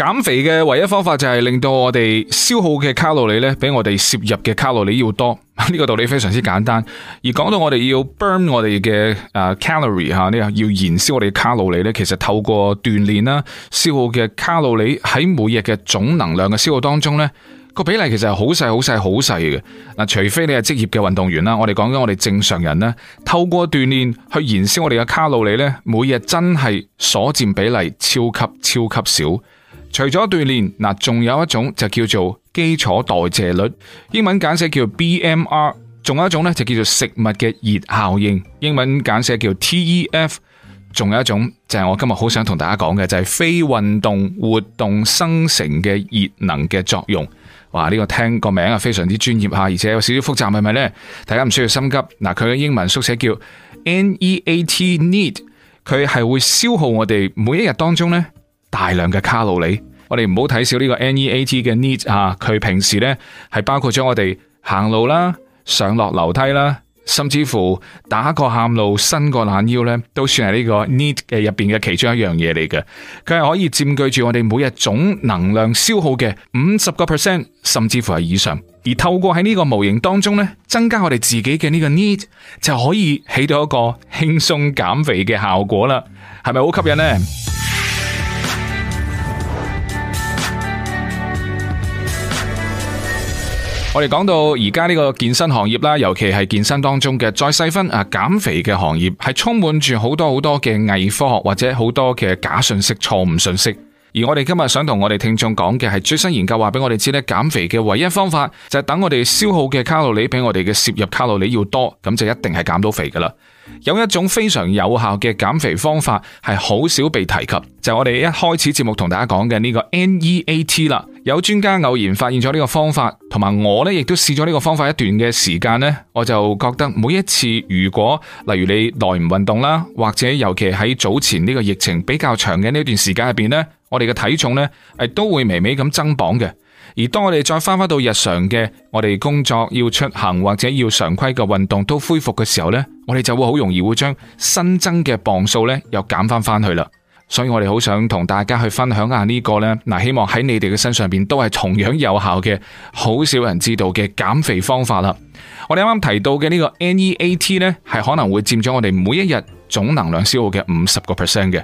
減肥嘅唯一方法就係令到我哋消耗嘅卡路里咧，比我哋攝入嘅卡路里要多。呢個道理非常之簡單。而講到我哋要 burn 我哋嘅誒 calorie 吓，呢要燃燒我哋嘅卡路里咧，其實透過鍛煉啦，消耗嘅卡路里喺每日嘅總能量嘅消耗當中咧個比例其實係好細、好細、好細嘅嗱。除非你係職業嘅運動員啦，我哋講緊我哋正常人啦，透過鍛煉去燃燒我哋嘅卡路里咧，每日真係所佔比例超級超級少。除咗鍛煉嗱，仲有一種就叫做基礎代謝率，英文簡寫叫 BMR。仲有一種咧就叫做食物嘅熱效應，英文簡寫叫 TEF。仲有一種就係我今日好想同大家講嘅，就係非運動活動生成嘅熱能嘅作用。哇！呢個聽個名啊，非常之專業吓，而且有少少複雜，係咪呢？大家唔需要心急。嗱，佢嘅英文縮寫叫 NEAT Need，佢係會消耗我哋每一日當中呢。大量嘅卡路里，我哋唔好睇少呢個 NEAT 嘅 need 啊！佢平時咧係包括咗我哋行路啦、上落樓梯啦，甚至乎打個喊路、伸個懶腰呢，都算係呢個 need 嘅入邊嘅其中一樣嘢嚟嘅。佢係可以佔據住我哋每日總能量消耗嘅五十個 percent，甚至乎係以上。而透過喺呢個模型當中呢，增加我哋自己嘅呢個 need，就可以起到一個輕鬆減肥嘅效果啦。係咪好吸引呢？我哋講到而家呢個健身行業啦，尤其係健身當中嘅再細分啊減肥嘅行業，係充滿住好多好多嘅偽科學或者好多嘅假信息、錯誤信息。而我哋今日想同我哋聽眾講嘅係最新研究話俾我哋知咧，減肥嘅唯一方法就係等我哋消耗嘅卡路里比我哋嘅攝入卡路里要多，咁就一定係減到肥噶啦。有一種非常有效嘅減肥方法，係好少被提及，就是，我哋一開始節目同大家講嘅呢個 NEAT 啦。有專家偶然發現咗呢個方法，同埋我呢亦都試咗呢個方法一段嘅時間呢，我就覺得每一次，如果例如你耐唔運動啦，或者尤其喺早前呢個疫情比較長嘅呢段時間入邊呢，我哋嘅體重呢，係都會微微咁增磅嘅。而當我哋再翻翻到日常嘅我哋工作要出行或者要常規嘅運動都恢復嘅時候呢，我哋就會好容易會將新增嘅磅數咧，又減翻翻去啦。所以我哋好想同大家去分享下呢個呢嗱，希望喺你哋嘅身上邊都係同樣有效嘅，好少人知道嘅減肥方法啦。我哋啱啱提到嘅呢個 NEAT 呢，係可能會佔咗我哋每一日總能量消耗嘅五十個 percent 嘅。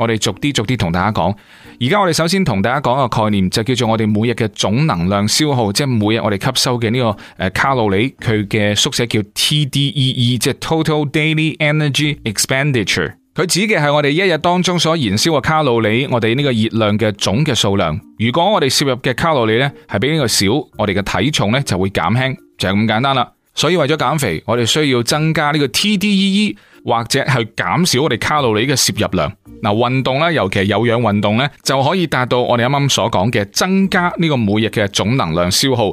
我哋逐啲逐啲同大家講，而家我哋首先同大家講個概念，就叫做我哋每日嘅總能量消耗，即係每日我哋吸收嘅呢個誒卡路里，佢嘅縮寫叫 TDEE，即係 Total Daily Energy Expenditure。佢指嘅係我哋一日當中所燃燒嘅卡路里，我哋呢個熱量嘅總嘅數量。如果我哋攝入嘅卡路里呢係比呢個少，我哋嘅體重呢就會減輕，就係咁簡單啦。所以為咗減肥，我哋需要增加呢個 TDEE。或者係減少我哋卡路里嘅攝入量，嗱運動咧，尤其係有氧運動咧，就可以達到我哋啱啱所講嘅增加呢個每日嘅總能量消耗，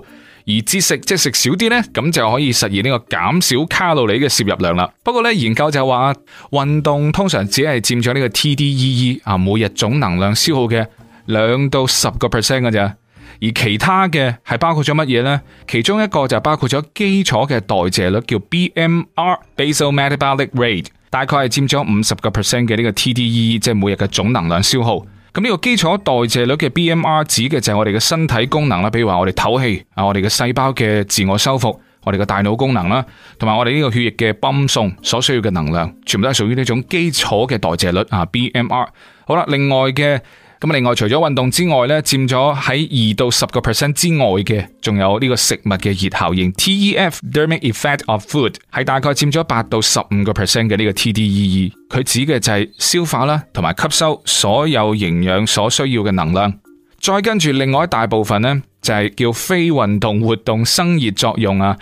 而節食即係食少啲咧，咁就可以實現呢個減少卡路里嘅攝入量啦。不過咧，研究就話運動通常只係佔咗呢個 TDEE 啊每日總能量消耗嘅兩到十個 percent 㗎咋。而其他嘅係包括咗乜嘢呢？其中一個就包括咗基礎嘅代謝率，叫 BMR（Basal Metabolic Rate），大概係佔咗五十個 percent 嘅呢個 TDE，即係每日嘅總能量消耗。咁呢個基礎代謝率嘅 BMR 指嘅就係我哋嘅身體功能啦，比如話我哋唞氣啊，我哋嘅細胞嘅自我修復，我哋嘅大腦功能啦，同埋我哋呢個血液嘅泵送所需要嘅能量，全部都係屬於呢種基礎嘅代謝率啊 BMR。好啦，另外嘅。咁另外除咗運動之外咧，佔咗喺二到十個 percent 之外嘅，仲有呢個食物嘅熱效應 （T.E.F. thermic effect of food） 係大概佔咗八到十五個 percent 嘅呢個 T.D.E.E. 佢指嘅就係消化啦，同埋吸收所有營養所需要嘅能量。再跟住另外一大部分咧，就係叫非運動活動生熱作用啊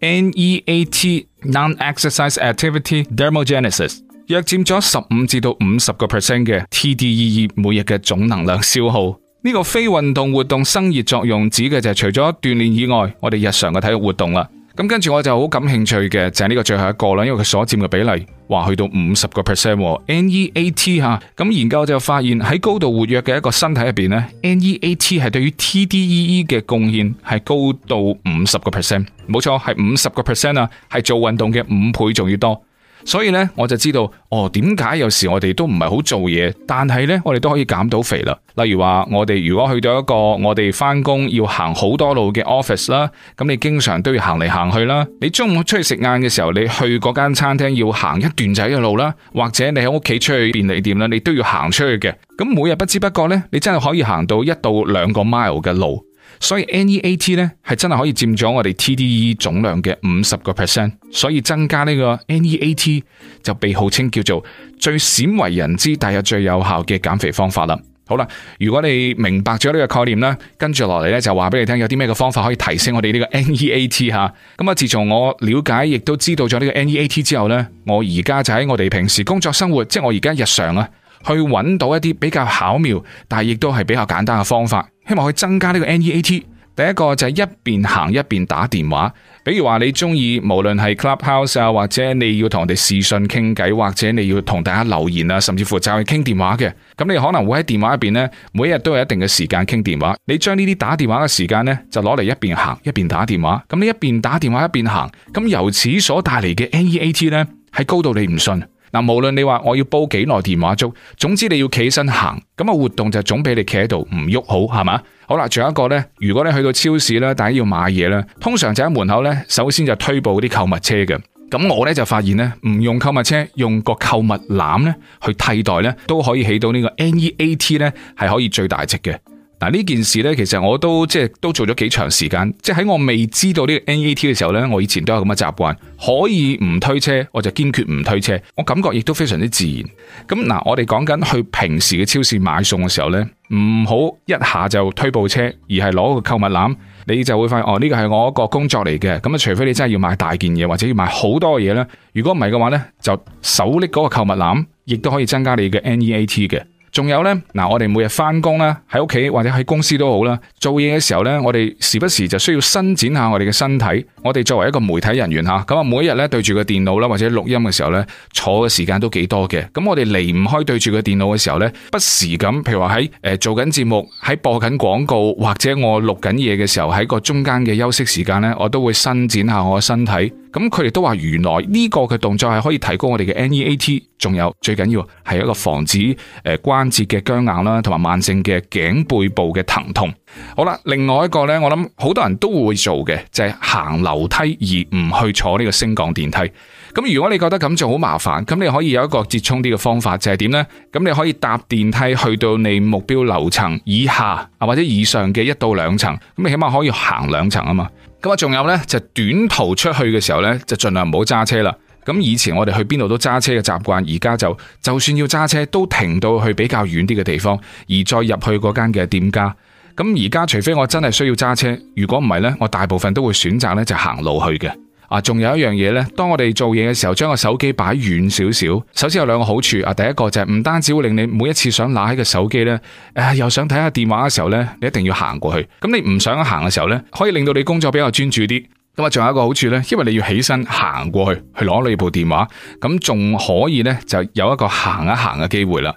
（N.E.A.T. non-exercise activity thermogenesis）。N e A T, 約佔咗十五至到五十個 percent 嘅 TDEE 每日嘅總能量消耗，呢個非運動活動生熱作用指嘅就係除咗鍛煉以外，我哋日常嘅體育活動啦。咁跟住我就好感興趣嘅就係呢個最後一個啦，因為佢所佔嘅比例話去到五十個 percent，NEAT 吓。咁、啊 e、研究就發現喺高度活躍嘅一個身體入邊呢 NEAT 係對於 TDEE 嘅貢獻係高到五十個 percent，冇錯係五十個 percent 啊，係做運動嘅五倍仲要多。所以咧，我就知道哦，點解有時我哋都唔係好做嘢，但係咧，我哋都可以減到肥啦。例如話，我哋如果去到一個我哋返工要行好多路嘅 office 啦，咁你經常都要行嚟行去啦。你中午出去食晏嘅時候，你去嗰間餐廳要行一段仔嘅路啦，或者你喺屋企出去便利店啦，你都要行出去嘅。咁每日不知不覺咧，你真係可以行到一到兩個 mile 嘅路。所以 NEAT 咧，係真係可以佔咗我哋 TDE 總量嘅五十個 percent，所以增加呢個 NEAT 就被號稱叫做最鮮為人知但係最有效嘅減肥方法啦。好啦，如果你明白咗呢個概念啦，跟住落嚟咧，就話俾你聽有啲咩嘅方法可以提升我哋呢個 NEAT 吓。咁啊自從我了解亦都知道咗呢個 NEAT 之後咧，我而家就喺我哋平時工作生活，即係我而家日常啊，去揾到一啲比較巧妙但係亦都係比較簡單嘅方法。希望可以增加呢個 NEAT。第一個就係一邊行一邊打電話，比如話你中意無論係 Clubhouse 啊，或者你要同人哋視訊傾偈，或者你要同大家留言啊，甚至乎就去傾電話嘅。咁你可能會喺電話入邊呢，每日都有一定嘅時間傾電話。你將呢啲打電話嘅時間呢，就攞嚟一邊行一邊打電話。咁你一邊打電話一邊行，咁由此所帶嚟嘅 NEAT 呢，係高到你唔信。嗱，無論你話我要煲幾耐電話粥，總之你要企身行，咁啊活動就總比你企喺度唔喐好，係嘛？好啦，仲有一個咧，如果你去到超市啦，大家要買嘢啦，通常就喺門口咧，首先就推部啲購物車嘅，咁我咧就發現咧，唔用購物車，用個購物籃咧去替代咧，都可以起到呢個 NEAT 咧係可以最大值嘅。嗱，呢件事呢，其實我都即係都做咗幾長時間，即係喺我未知道呢個 NEAT 嘅時候呢，我以前都有咁嘅習慣，可以唔推車，我就堅決唔推車。我感覺亦都非常之自然。咁，嗱，我哋講緊去平時嘅超市買餸嘅時候呢，唔好一下就推部車，而係攞個購物籃，你就會發現哦，呢個係我一個工作嚟嘅。咁啊，除非你真係要買大件嘢或者要買好多嘢呢，如果唔係嘅話呢，就手拎嗰個購物籃，亦都可以增加你嘅 NEAT 嘅。仲有呢，嗱，我哋每日翻工啦，喺屋企或者喺公司都好啦，做嘢嘅時候呢，我哋時不時就需要伸展下我哋嘅身體。我哋作為一個媒體人員吓，咁啊，每一日呢，對住個電腦啦，或者錄音嘅時候呢，坐嘅時間都幾多嘅。咁我哋離唔開對住個電腦嘅時候呢，不時咁，譬如話喺誒做緊節目，喺播緊廣告，或者我錄緊嘢嘅時候，喺個中間嘅休息時間呢，我都會伸展下我嘅身體。咁佢哋都話原來呢個嘅動作係可以提高我哋嘅 NEAT，仲有最緊要係一個防止誒關節嘅僵硬啦，同埋慢性嘅頸背部嘅疼痛。好啦，另外一個呢，我諗好多人都會做嘅就係行樓梯而唔去坐呢個升降電梯。咁如果你覺得咁做好麻煩，咁你可以有一個折衷啲嘅方法就係點呢？咁你可以搭電梯去到你目標樓層以下啊或者以上嘅一到兩層，咁你起碼可以行兩層啊嘛。咁啊，仲有咧，就短途出去嘅時候咧，就盡量唔好揸車啦。咁以前我哋去邊度都揸車嘅習慣，而家就就算要揸車，都停到去比較遠啲嘅地方，而再入去嗰間嘅店家。咁而家除非我真係需要揸車，如果唔係咧，我大部分都會選擇咧就行路去嘅。啊，仲有一樣嘢呢當我哋做嘢嘅時候，將個手機擺遠少少。首先有兩個好處啊，第一個就係唔單止會令你每一次想拿起個手機呢，誒、呃，又想睇下電話嘅時候呢，你一定要行過去。咁你唔想行嘅時候呢，可以令到你工作比較專注啲。咁啊，仲有一個好處呢，因為你要起身行過去去攞你部電話，咁仲可以呢，就有一個行一行嘅機會啦。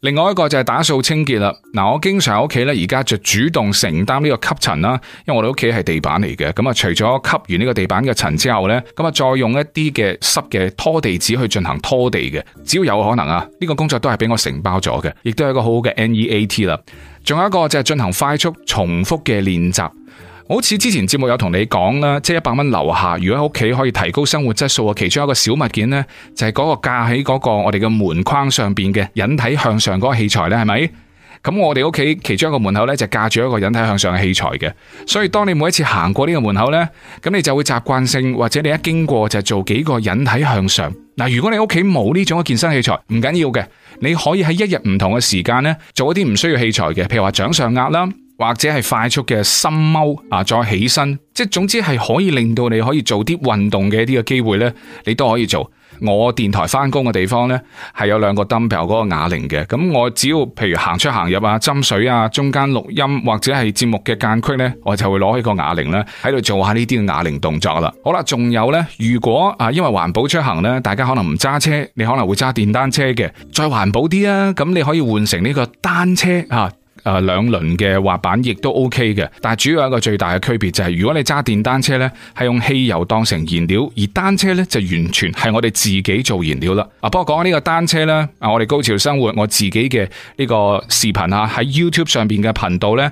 另外一個就係打掃清潔啦，嗱，我經常喺屋企咧，而家就主動承擔呢個吸塵啦，因為我哋屋企係地板嚟嘅。咁啊，除咗吸完呢個地板嘅塵之後咧，咁啊，再用一啲嘅濕嘅拖地紙去進行拖地嘅，只要有可能啊，呢個工作都係俾我承包咗嘅，亦都係一個好好嘅 NEAT 啦。仲有一個就係進行快速重複嘅練習。好似之前節目有同你講啦，即係一百蚊樓下，如果喺屋企可以提高生活質素啊，其中一個小物件呢，就係、是、嗰個架喺嗰個我哋嘅門框上邊嘅引體向上嗰個器材呢，係咪？咁我哋屋企其中一個門口呢，就是、架住一個引體向上嘅器材嘅，所以當你每一次行過呢個門口呢，咁你就會習慣性或者你一經過就做幾個引體向上。嗱，如果你屋企冇呢種嘅健身器材，唔緊要嘅，你可以喺一日唔同嘅時間呢，做一啲唔需要器材嘅，譬如話掌上壓啦。或者係快速嘅深踎，啊，再起身，即係總之係可以令到你可以做啲運動嘅呢個機會呢，你都可以做。我電台翻工嘅地方呢，係有兩個燈，譬如嗰個啞鈴嘅。咁我只要譬如行出行入啊，斟水啊，中間錄音或者係節目嘅間隙呢，我就會攞起個啞鈴呢，喺度做下呢啲嘅啞鈴動作啦。好啦，仲有呢，如果啊，因為環保出行呢，大家可能唔揸車，你可能會揸電單車嘅，再環保啲啊，咁你可以換成呢個單車啊。誒，兩輪嘅滑板亦都 OK 嘅，但係主要一個最大嘅區別就係，如果你揸電單車呢，係用汽油當成燃料，而單車呢，就完全係我哋自己做燃料啦。啊，不過講呢個單車咧，啊，我哋高潮生活我自己嘅呢個視頻啊，喺 YouTube 上邊嘅頻道呢。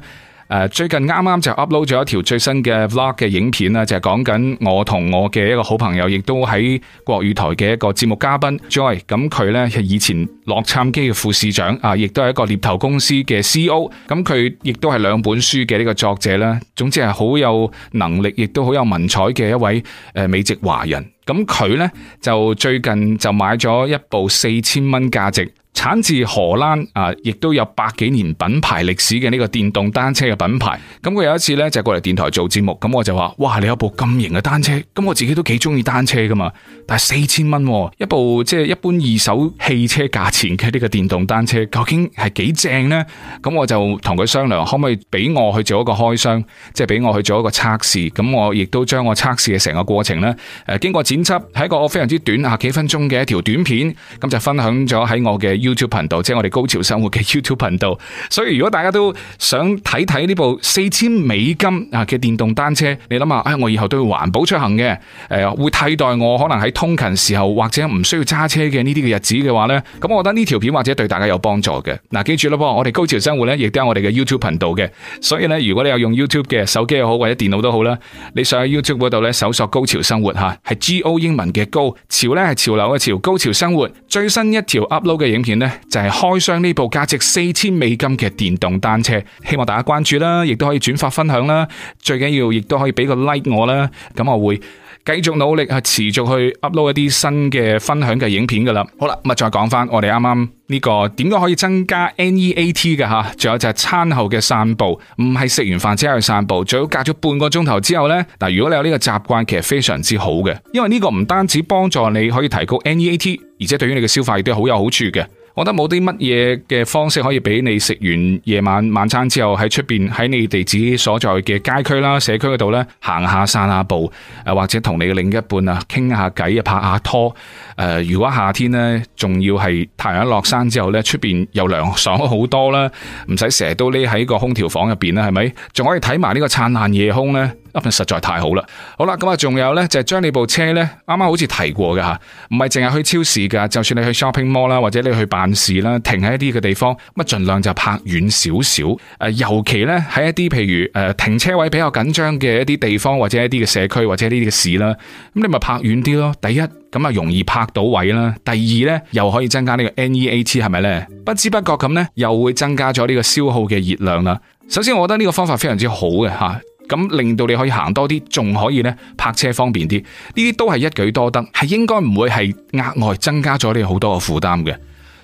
誒，最近啱啱就 upload 咗一條最新嘅 Vlog 嘅影片啦，就係講緊我同我嘅一個好朋友，亦都喺國語台嘅一個節目嘉賓 Joy。咁佢呢，係以前洛杉磯嘅副市長啊，亦都係一個獵頭公司嘅 CO。咁佢亦都係兩本書嘅呢個作者啦。總之係好有能力，亦都好有文采嘅一位誒美籍華人。咁佢呢，就最近就買咗一部四千蚊價值。產自荷蘭啊，亦都有百幾年品牌歷史嘅呢個電動單車嘅品牌。咁佢有一次呢，就過嚟電台做節目，咁我就話，哇，你有部咁型嘅單車，咁我自己都幾中意單車噶嘛。但係四千蚊喎，一部即係、就是、一般二手汽車價錢嘅呢個電動單車，究竟係幾正呢？咁我就同佢商量，可唔可以俾我去做一個開箱，即係俾我去做一個測試。咁我亦都將我測試嘅成個過程呢，誒、啊，經過剪輯，係一個非常之短吓、啊、幾分鐘嘅一條短片。咁就分享咗喺我嘅。YouTube 頻道即係、就是、我哋高潮生活嘅 YouTube 頻道，所以如果大家都想睇睇呢部四千美金啊嘅電動單車，你諗下，唉、哎，我以後都要環保出行嘅，誒，會替代我可能喺通勤時候或者唔需要揸車嘅呢啲嘅日子嘅話呢。咁我覺得呢條片或者對大家有幫助嘅。嗱，記住啦，我哋高潮生活呢，亦都係我哋嘅 YouTube 頻道嘅，所以呢，如果你有用 YouTube 嘅手機又好，或者電腦都好啦，你上去 YouTube 度呢，搜索“高潮生活”吓，係 G O，英文嘅高潮呢係潮流嘅潮，高潮生活最新一條 upload 嘅影片。呢就係開箱呢部價值四千美金嘅電動單車，希望大家關注啦，亦都可以轉發分享啦，最緊要亦都可以俾個 like 我啦，咁我會繼續努力去持續去 upload 一啲新嘅分享嘅影片噶啦。好啦，咁再講翻我哋啱啱呢個點樣可以增加 NEAT 嘅吓，仲有就係餐後嘅散步，唔係食完飯之後去散步，最好隔咗半個鐘頭之後呢。嗱，如果你有呢個習慣，其實非常之好嘅，因為呢個唔單止幫助你可以提高 NEAT，而且對於你嘅消化亦都好有好處嘅。我覺得冇啲乜嘢嘅方式可以俾你食完夜晚晚餐之後喺出邊喺你哋自己所在嘅街區啦、社區嗰度呢，行下、散下步，誒或者同你嘅另一半啊傾下偈、拍下拖，誒、呃、如果夏天呢，仲要係太陽落山之後呢，出邊又涼爽好多啦，唔使成日都匿喺個空調房入邊啦，係咪？仲可以睇埋呢個燦爛夜空呢。實在太好啦！好啦，咁啊，仲有呢，就係、是、將你部車呢，啱啱好似提過嘅吓，唔係淨係去超市㗎，就算你去 shopping mall 啦，或者你去辦事啦，停喺一啲嘅地方，咁啊，盡量就泊遠少少。誒，尤其呢，喺一啲譬如誒、呃、停車位比較緊張嘅一啲地方，或者一啲嘅社區，或者呢啲嘅市啦，咁你咪泊遠啲咯。第一，咁啊容易泊到位啦。第二呢，又可以增加呢個 NEAT 係咪呢？不知不覺咁呢，又會增加咗呢個消耗嘅熱量啦。首先，我覺得呢個方法非常之好嘅吓。咁令到你可以行多啲，仲可以呢泊車方便啲，呢啲都係一舉多得，係應該唔會係額外增加咗你好多個負擔嘅。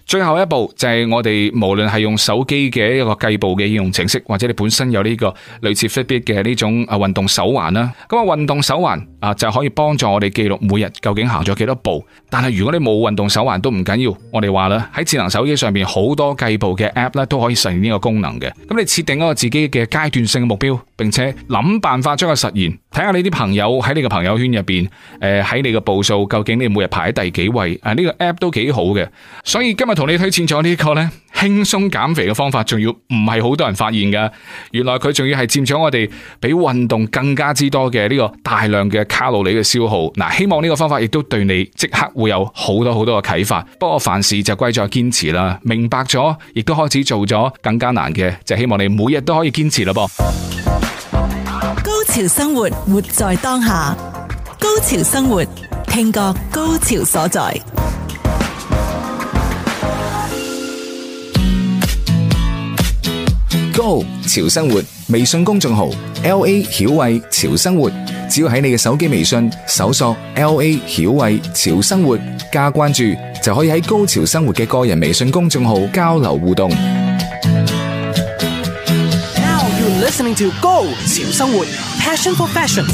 最後一步就係、是、我哋無論係用手機嘅一個計步嘅應用程式，或者你本身有呢個類似 Fitbit 嘅呢種啊運動手環啦。咁啊運動手環啊就可以幫助我哋記錄每日究竟行咗幾多步。但係如果你冇運動手環都唔緊要，我哋話啦，喺智能手機上面好多計步嘅 App 咧都可以實現呢個功能嘅。咁你設定一個自己嘅階段性嘅目標，並且諗辦法將佢實現。睇下你啲朋友喺你個朋友圈入邊，誒喺你嘅步數究竟你每日排喺第幾位？啊呢、這個 App 都幾好嘅。所以今日。同你推薦咗呢個咧輕鬆減肥嘅方法，仲要唔係好多人發現噶。原來佢仲要係佔咗我哋比運動更加之多嘅呢個大量嘅卡路里嘅消耗。嗱，希望呢個方法亦都對你即刻會有好多好多嘅啟發。不過凡事就貴在堅持啦。明白咗，亦都開始做咗，更加難嘅就是、希望你每日都可以堅持咯。噃，高潮生活，活在當下。高潮生活，聽覺高潮所在。Go 潮生活微信公眾號，LA 曉慧潮生活，只要喺你嘅手機微信搜索 LA 曉慧潮生活加關注，就可以喺高潮生活嘅個人微信公眾號交流互動。Now you're listening to Go 潮生活，Passion for fashion，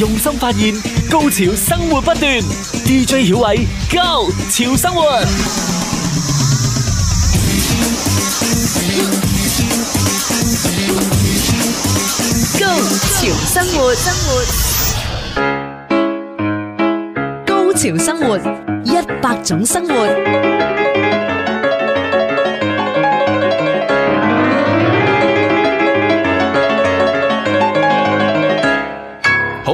用心發現，高潮生活不斷，DJ 曉慧 Go 潮生活。高潮生活，生活，高潮生活，一百種生活。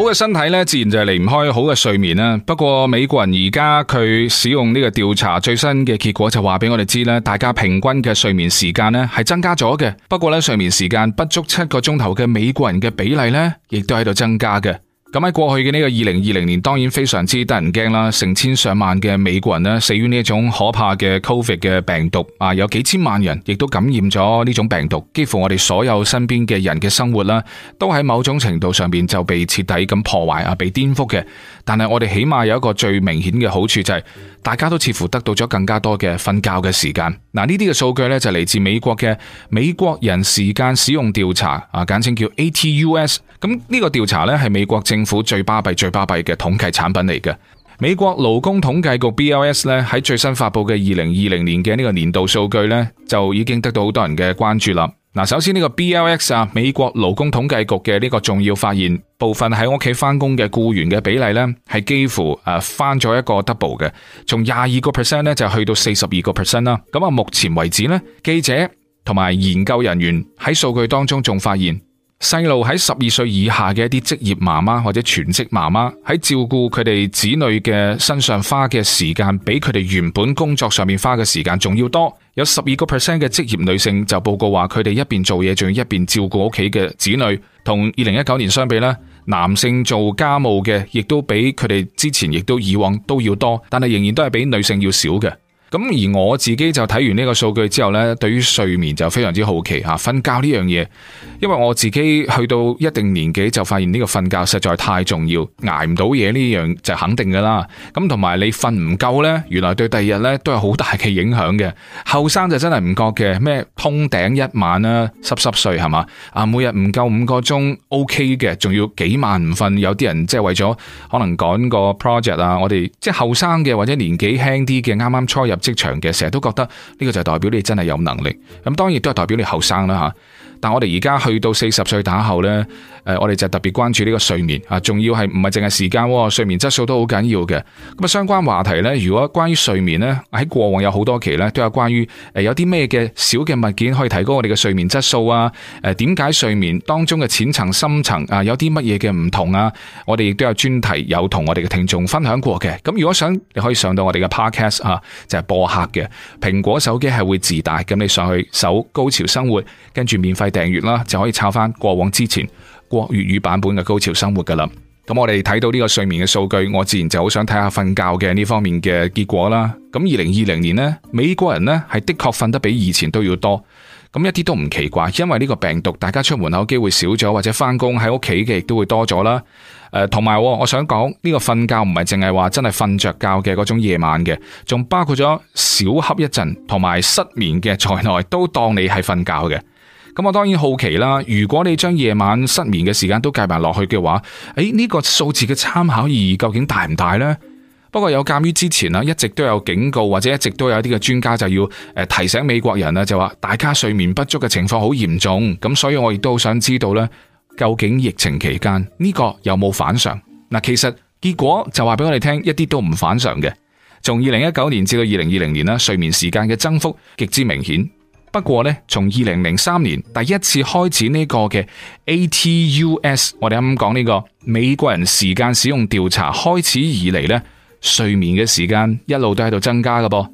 個身體自然就係離唔開好嘅睡眠啦。不過美國人而家佢使用呢個調查最新嘅結果就話俾我哋知啦，大家平均嘅睡眠時間咧，係增加咗嘅。不過咧，睡眠時間不足七個鐘頭嘅美國人嘅比例呢，亦都喺度增加嘅。咁喺過去嘅呢個二零二零年，當然非常之得人驚啦，成千上萬嘅美國人咧死於呢一種可怕嘅 Covid 嘅病毒啊，有幾千萬人亦都感染咗呢種病毒，幾乎我哋所有身邊嘅人嘅生活啦，都喺某種程度上面就被徹底咁破壞啊，被顛覆嘅。但係我哋起碼有一個最明顯嘅好處就係，大家都似乎得到咗更加多嘅瞓覺嘅時間。嗱，呢啲嘅數據呢，就嚟自美國嘅美國人時間使用調查啊，簡稱叫 ATUS。咁呢個調查呢，係美國政府最巴閉最巴閉嘅統計產品嚟嘅。美國勞工統計局 BLS 呢，喺最新發布嘅二零二零年嘅呢個年度數據呢，就已經得到好多人嘅關注啦。首先呢個 BLS 美國勞工統計局嘅呢個重要發現，部分喺屋企返工嘅僱員嘅比例呢，係幾乎誒翻咗一個 double 嘅，從廿二個 percent 呢，就去到四十二個 percent 啦。咁啊，目前為止呢，記者同埋研究人員喺數據當中仲發現。細路喺十二歲以下嘅一啲職業媽媽或者全職媽媽喺照顧佢哋子女嘅身上花嘅時間，比佢哋原本工作上面花嘅時間仲要多。有十二個 percent 嘅職業女性就報告話，佢哋一邊做嘢仲要一邊照顧屋企嘅子女。同二零一九年相比呢，男性做家務嘅亦都比佢哋之前亦都以往都要多，但係仍然都係比女性要少嘅。咁而我自己就睇完呢個數據之後咧，對於睡眠就非常之好奇吓，瞓、啊、覺呢樣嘢，因為我自己去到一定年紀就發現呢個瞓覺實在太重要，挨唔到嘢呢樣就肯定噶啦。咁同埋你瞓唔夠咧，原來對第二日咧都係好大嘅影響嘅。後生就真係唔覺嘅，咩通頂一晚啦、啊，濕濕碎係嘛啊，每日唔夠五個鐘 OK 嘅，仲要幾晚唔瞓。有啲人即係為咗可能趕個 project 啊，我哋即係後生嘅或者年紀輕啲嘅，啱啱初入。職場嘅，成日都覺得呢個就係代表你真係有能力，咁當然都係代表你後生啦吓。但我哋而家去到四十歲打後咧，誒，我哋就特別關注呢個睡眠啊，仲要係唔係淨係時間，睡眠質素都好緊要嘅。咁啊，相關話題咧，如果關於睡眠咧，喺過往有好多期咧，都有關於誒，有啲咩嘅小嘅物件可以提高我哋嘅睡眠質素啊？誒，點解睡眠當中嘅淺層、深層啊，有啲乜嘢嘅唔同啊？我哋亦都有專題有同我哋嘅聽眾分享過嘅。咁如果想你可以上到我哋嘅 podcast 啊，就係播客嘅，蘋果手機係會自帶，咁你上去搜高潮生活，跟住免費。訂閱啦，就可以抄翻過往之前國粵語版本嘅《高潮生活》噶啦。咁我哋睇到呢個睡眠嘅數據，我自然就好想睇下瞓覺嘅呢方面嘅結果啦。咁二零二零年呢，美國人呢係的確瞓得比以前都要多，咁一啲都唔奇怪，因為呢個病毒，大家出門口機會少咗，或者翻工喺屋企嘅亦都會多咗啦。同、呃、埋、哦、我想講呢、呢個瞓覺唔係淨係話真係瞓着覺嘅嗰種夜晚嘅，仲包括咗小瞌一陣同埋失眠嘅在內，都當你係瞓覺嘅。咁我當然好奇啦，如果你將夜晚失眠嘅時間都計埋落去嘅話，誒呢個數字嘅參考意義究竟大唔大呢？不過有鑒於之前啊，一直都有警告或者一直都有啲嘅專家就要誒提醒美國人啊，就話大家睡眠不足嘅情況好嚴重。咁所以我亦都想知道呢，究竟疫情期間呢個有冇反常？嗱，其實結果就話俾我哋聽，一啲都唔反常嘅。從二零一九年至到二零二零年啦，睡眠時間嘅增幅極之明顯。不過呢從二零零三年第一次開展呢個嘅 ATUS，我哋啱啱講呢個美國人時間使用調查開始以嚟，呢睡眠嘅時間一路都喺度增加㗎噃。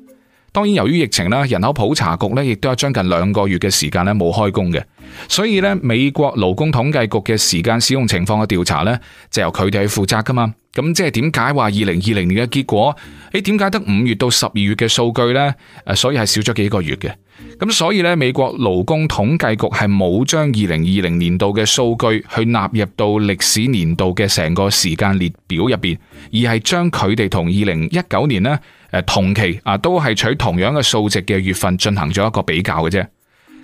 當然，由於疫情啦，人口普查局呢亦都有將近兩個月嘅時間呢冇開工嘅。所以咧，美國勞工統計局嘅時間使用情況嘅調查咧，就由佢哋去負責噶嘛。咁即係點解話二零二零年嘅結果？誒，點解得五月到十二月嘅數據咧？誒，所以係少咗幾個月嘅。咁所以咧，美國勞工統計局係冇將二零二零年度嘅數據去納入到歷史年度嘅成個時間列表入邊，而係將佢哋同二零一九年呢誒同期啊，都係取同樣嘅數值嘅月份進行咗一個比較嘅啫。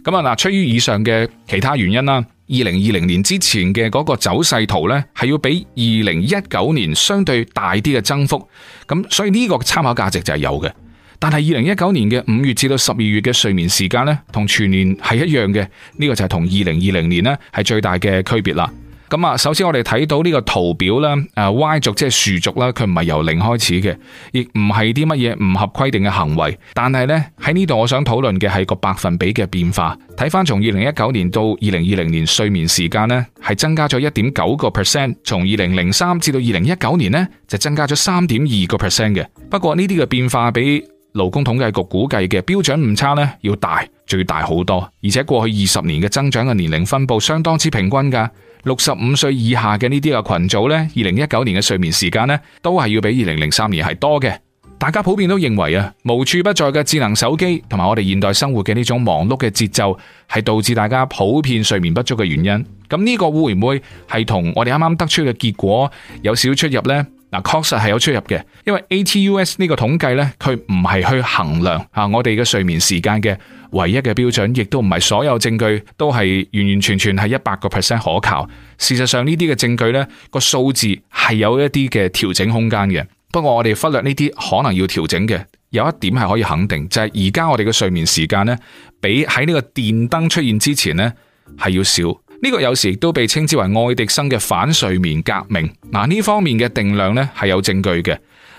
咁啊嗱，出於以上嘅其他原因啦，二零二零年之前嘅嗰個走勢圖咧，係要比二零一九年相對大啲嘅增幅，咁所以呢個參考價值就係有嘅。但係二零一九年嘅五月至到十二月嘅睡眠時間咧，同全年係一樣嘅，呢個就係同二零二零年咧係最大嘅區別啦。咁啊，首先我哋睇到呢個圖表咧，誒，Y 軸即係豎軸啦，佢唔係由零開始嘅，亦唔係啲乜嘢唔合規定嘅行為。但係呢，喺呢度，我想討論嘅係個百分比嘅變化。睇翻從二零一九年到二零二零年，睡眠時間呢，係增加咗一點九個 percent。從二零零三至到二零一九年呢，就增加咗三點二個 percent 嘅。不過呢啲嘅變化比勞工統計局估計嘅標準誤差呢，要大，最大好多。而且過去二十年嘅增長嘅年齡分佈相當之平均噶。六十五歲以下嘅呢啲嘅群組呢，二零一九年嘅睡眠時間呢，都係要比二零零三年係多嘅。大家普遍都認為啊，無處不在嘅智能手機同埋我哋現代生活嘅呢種忙碌嘅節奏，係導致大家普遍睡眠不足嘅原因。咁呢個會唔會係同我哋啱啱得出嘅結果有少少出入呢？嗱，確實係有出入嘅，因為 ATUS 呢個統計呢，佢唔係去衡量下我哋嘅睡眠時間嘅。唯一嘅標準，亦都唔係所有證據都係完完全全係一百個 percent 可靠。事實上，呢啲嘅證據，呢個數字係有一啲嘅調整空間嘅。不過，我哋忽略呢啲可能要調整嘅。有一點係可以肯定，就係而家我哋嘅睡眠時間呢，比喺呢個電燈出現之前呢係要少。呢個有時亦都被稱之為愛迪生嘅反睡眠革命。嗱，呢方面嘅定量呢係有證據嘅。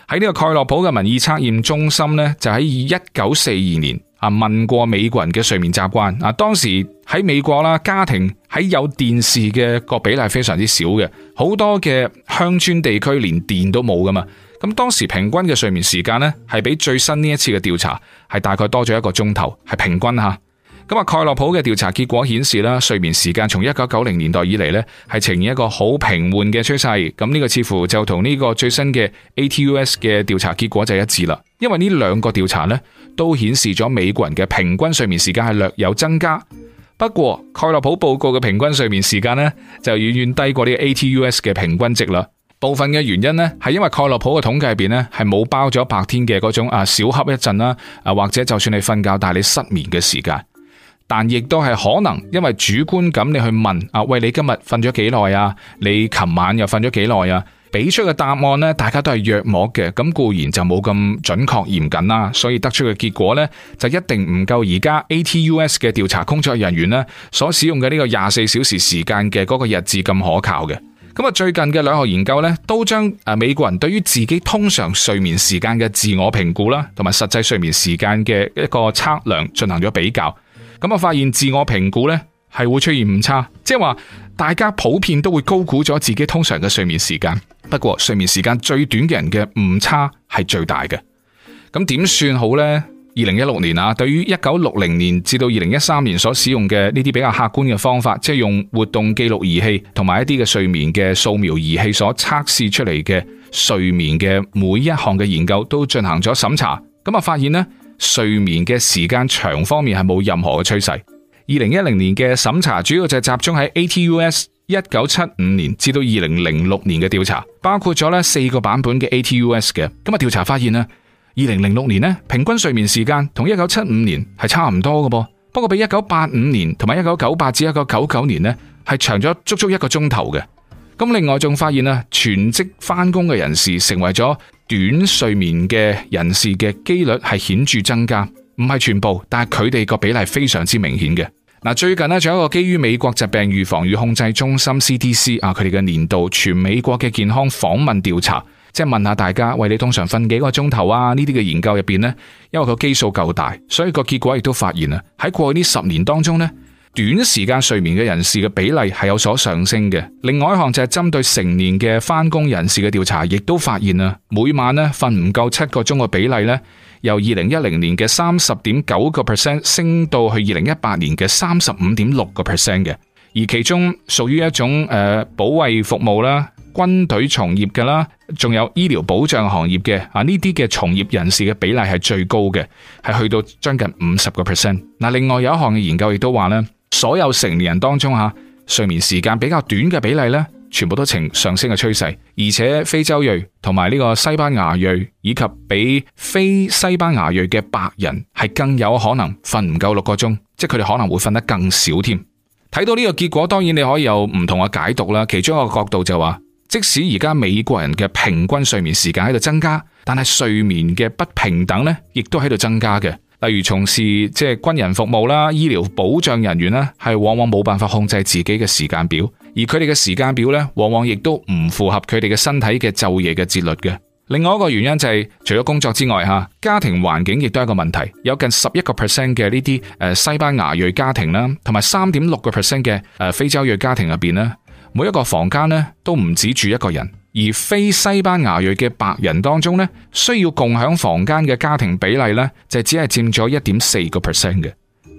喺呢個蓋洛普嘅民意測驗中心呢，就喺一九四二年。啊！問過美國人嘅睡眠習慣啊，當時喺美國啦，家庭喺有電視嘅個比例非常之少嘅，好多嘅鄉村地區連電都冇㗎嘛。咁當時平均嘅睡眠時間呢，係比最新呢一次嘅調查係大概多咗一個鐘頭，係平均吓。咁啊，蓋洛普嘅調查結果顯示啦，睡眠時間從一九九零年代以嚟呢，係呈現一個好平緩嘅趨勢。咁呢個似乎就同呢個最新嘅 ATUS 嘅調查結果就一致啦。因為呢兩個調查呢，都顯示咗美國人嘅平均睡眠時間係略有增加。不過蓋洛普報告嘅平均睡眠時間呢，就遠遠低過呢 ATUS 嘅平均值啦。部分嘅原因呢，係因為蓋洛普嘅統計入邊呢，係冇包咗白天嘅嗰種啊小瞌一陣啦，啊或者就算你瞓覺但係你失眠嘅時間。但亦都係可能，因為主觀咁你去問啊，喂，你今日瞓咗幾耐啊？你琴晚又瞓咗幾耐啊？俾出嘅答案呢，大家都係約摸嘅，咁固然就冇咁準確嚴謹啦，所以得出嘅結果呢，就一定唔夠而家 ATUS 嘅調查工作人員呢所使用嘅呢個廿四小時時間嘅嗰個日誌咁可靠嘅。咁、嗯、啊，最近嘅兩項研究呢，都將誒美國人對於自己通常睡眠時間嘅自我評估啦，同埋實際睡眠時間嘅一個測量進行咗比較。咁啊！發現自我評估呢係會出現誤差，即係話大家普遍都會高估咗自己通常嘅睡眠時間。不過睡眠時間最短嘅人嘅誤差係最大嘅。咁點算好呢？二零一六年啊，對於一九六零年至到二零一三年所使用嘅呢啲比較客觀嘅方法，即係用活動記錄儀器同埋一啲嘅睡眠嘅掃描儀器所測試出嚟嘅睡眠嘅每一項嘅研究都進行咗審查。咁啊，發現呢。睡眠嘅時間長方面係冇任何嘅趨勢。二零一零年嘅審查主要就係集中喺 ATUS 一九七五年至到二零零六年嘅調查，包括咗咧四個版本嘅 ATUS 嘅。咁啊，調查發現啊，二零零六年咧平均睡眠時間同一九七五年係差唔多嘅噃，不過比一九八五年同埋一九九八至一九九九年呢係長咗足足一個鐘頭嘅。咁另外仲發現啊，全職翻工嘅人士成為咗。短睡眠嘅人士嘅幾率係顯著增加，唔係全部，但係佢哋個比例非常之明顯嘅。嗱，最近咧，仲有一個基於美國疾病預防與控制中心 CDC 啊，佢哋嘅年度全美國嘅健康訪問調查，即係問下大家，喂，你通常瞓幾個鐘頭啊？呢啲嘅研究入邊呢，因為個基數夠大，所以個結果亦都發現啦，喺過去呢十年當中呢。短時間睡眠嘅人士嘅比例係有所上升嘅。另外一項就係針對成年嘅返工人士嘅調查，亦都發現啦，每晚呢瞓唔夠七個鐘嘅比例咧，由二零一零年嘅三十點九個 percent 升到去二零一八年嘅三十五點六個 percent 嘅。而其中屬於一種誒保衛服務啦、軍隊從業嘅啦，仲有醫療保障行業嘅啊，呢啲嘅從業人士嘅比例係最高嘅，係去到將近五十個 percent。嗱，另外有一項嘅研究亦都話咧。所有成年人當中吓，睡眠時間比較短嘅比例咧，全部都呈上升嘅趨勢。而且非洲裔同埋呢個西班牙裔以及比非西班牙裔嘅白人，係更有可能瞓唔夠六個鐘，即係佢哋可能會瞓得更少添。睇到呢個結果，當然你可以有唔同嘅解讀啦。其中一個角度就話，即使而家美國人嘅平均睡眠時間喺度增加，但係睡眠嘅不平等呢，亦都喺度增加嘅。例如從事即係軍人服務啦、醫療保障人員啦，係往往冇辦法控制自己嘅時間表，而佢哋嘅時間表呢，往往亦都唔符合佢哋嘅身體嘅晝夜嘅節律嘅。另外一個原因就係、是、除咗工作之外吓，家庭環境亦都係一個問題。有近十一個 percent 嘅呢啲誒西班牙裔家庭啦，同埋三點六個 percent 嘅誒非洲裔家庭入邊啦，每一個房間呢，都唔止住一個人。而非西班牙裔嘅白人當中咧，需要共享房間嘅家庭比例咧，就只係佔咗一點四個 percent 嘅。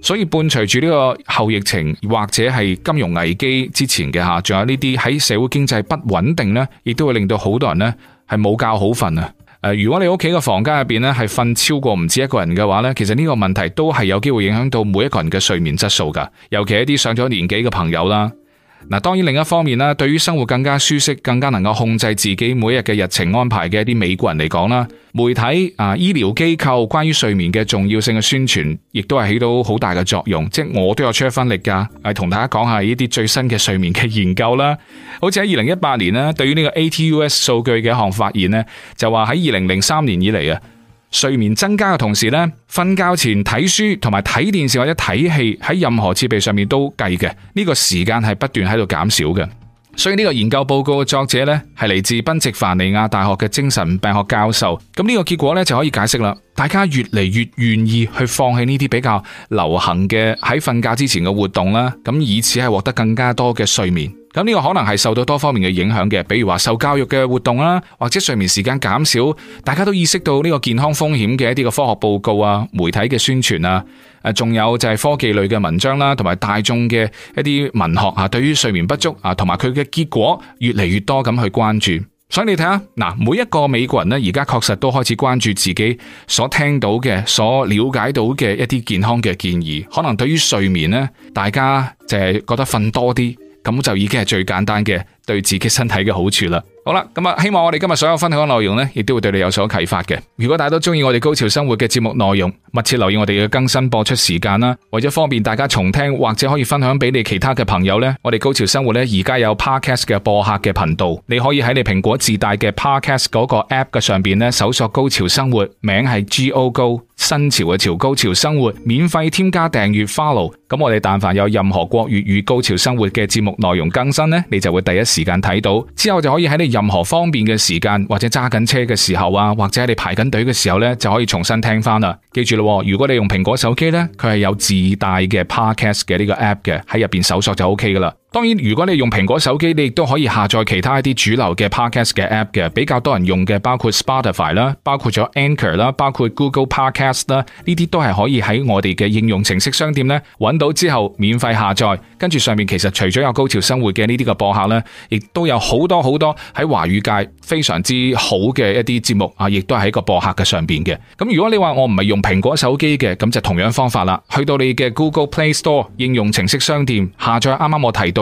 所以伴隨住呢個後疫情或者係金融危機之前嘅吓，仲有呢啲喺社會經濟不穩定呢，亦都會令到好多人呢係冇覺好瞓啊！誒，如果你屋企嘅房間入邊咧係瞓超過唔止一個人嘅話，呢其實呢個問題都係有機會影響到每一個人嘅睡眠質素噶，尤其一啲上咗年紀嘅朋友啦。嗱，當然另一方面啦，對於生活更加舒適、更加能夠控制自己每日嘅日程安排嘅一啲美國人嚟講啦，媒體啊、醫療機構關於睡眠嘅重要性嘅宣傳，亦都係起到好大嘅作用。即係我都有出一分力㗎，係同大家講下呢啲最新嘅睡眠嘅研究啦。好似喺二零一八年啦，對於呢個 ATUS 數據嘅一項發現呢就話喺二零零三年以嚟啊。睡眠增加嘅同時呢，瞓覺前睇書同埋睇電視或者睇戲，喺任何設備上面都計嘅，呢個時間係不斷喺度減少嘅。所以呢個研究報告嘅作者呢，係嚟自賓夕凡尼亞大學嘅精神病學教授。咁呢個結果呢，就可以解釋啦，大家越嚟越願意去放棄呢啲比較流行嘅喺瞓覺之前嘅活動啦，咁以此係獲得更加多嘅睡眠。咁呢個可能係受到多方面嘅影響嘅，比如話受教育嘅活動啦，或者睡眠時間減少，大家都意識到呢個健康風險嘅一啲嘅科學報告啊、媒體嘅宣傳啊，誒，仲有就係科技類嘅文章啦，同埋大眾嘅一啲文學啊，對於睡眠不足啊，同埋佢嘅結果越嚟越多咁去關注。所以你睇下，嗱，每一個美國人呢，而家確實都開始關注自己所聽到嘅、所了解到嘅一啲健康嘅建議，可能對於睡眠呢，大家就係覺得瞓多啲。咁就已經係最簡單嘅對自己身體嘅好處啦。好啦，希望我哋今日所有分享嘅內容呢，亦都會對你有所啟發嘅。如果大家都中意我哋高潮生活嘅節目內容，密切留意我哋嘅更新播出時間啦。為咗方便大家重聽或者可以分享俾你其他嘅朋友呢，我哋高潮生活呢，而家有 podcast 嘅播客嘅頻道，你可以喺你蘋果自帶嘅 podcast 嗰個 app 嘅上面咧搜索高潮生活，名係 G O Go。新潮嘅潮高潮生活，免費添加訂閱 follow，咁我哋但凡有任何國粵語高潮生活嘅節目內容更新呢，你就會第一時間睇到，之後就可以喺你任何方便嘅時間，或者揸緊車嘅時候啊，或者你排緊隊嘅時候呢，就可以重新聽翻啦。記住咯，如果你用蘋果手機呢，佢係有自帶嘅 Podcast 嘅呢個 app 嘅，喺入邊搜索就 OK 噶啦。當然，如果你用蘋果手機，你亦都可以下載其他一啲主流嘅 podcast 嘅 app 嘅，比較多人用嘅包括 Spotify 啦，包括咗 Anchor 啦，包括 Google Podcast 啦，呢啲都係可以喺我哋嘅應用程式商店咧揾到之後免費下載。跟住上面其實除咗有高潮生活嘅呢啲嘅播客呢，亦都有好多好多喺華語界非常之好嘅一啲節目啊，亦都係喺個播客嘅上邊嘅。咁如果你話我唔係用蘋果手機嘅，咁就同樣方法啦，去到你嘅 Google Play Store 應用程式商店下載啱啱我提到。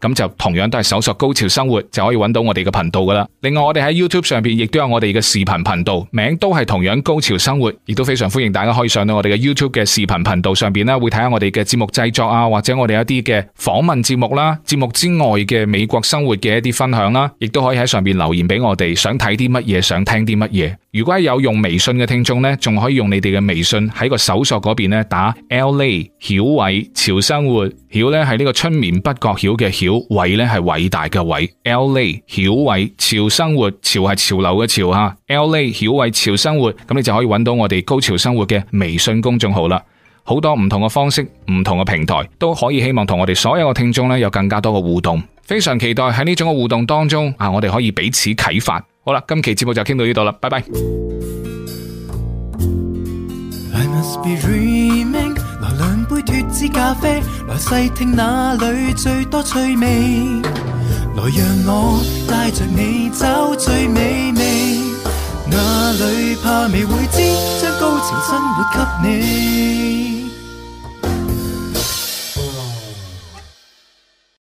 咁就同樣都係搜索高潮生活就可以揾到我哋嘅頻道噶啦。另外我哋喺 YouTube 上邊亦都有我哋嘅視頻頻道，名都係同樣高潮生活，亦都非常歡迎大家可以上到我哋嘅 YouTube 嘅視頻頻道上邊啦，會睇下我哋嘅節目製作啊，或者我哋一啲嘅訪問節目啦，節目之外嘅美國生活嘅一啲分享啦，亦都可以喺上邊留言俾我哋，想睇啲乜嘢，想聽啲乜嘢。如果有用微信嘅聽眾呢，仲可以用你哋嘅微信喺個搜索嗰邊咧打 Lay 曉偉潮生活，曉呢係呢個春眠不覺曉嘅曉。偉咧係偉大嘅偉，Lay 曉偉潮生活潮係潮流嘅潮吓，Lay 曉偉潮生活，咁你就可以揾到我哋高潮生活嘅微信公眾號啦。好多唔同嘅方式，唔同嘅平台都可以，希望同我哋所有嘅聽眾呢有更加多嘅互動。非常期待喺呢種嘅互動當中啊，我哋可以彼此啟發。好啦，今期節目就傾到呢度啦，拜拜。兩杯脫脂咖啡，來細聽那裏最多趣味。來讓我帶着你找最美味，哪裏怕未會知，將高潮生活給你。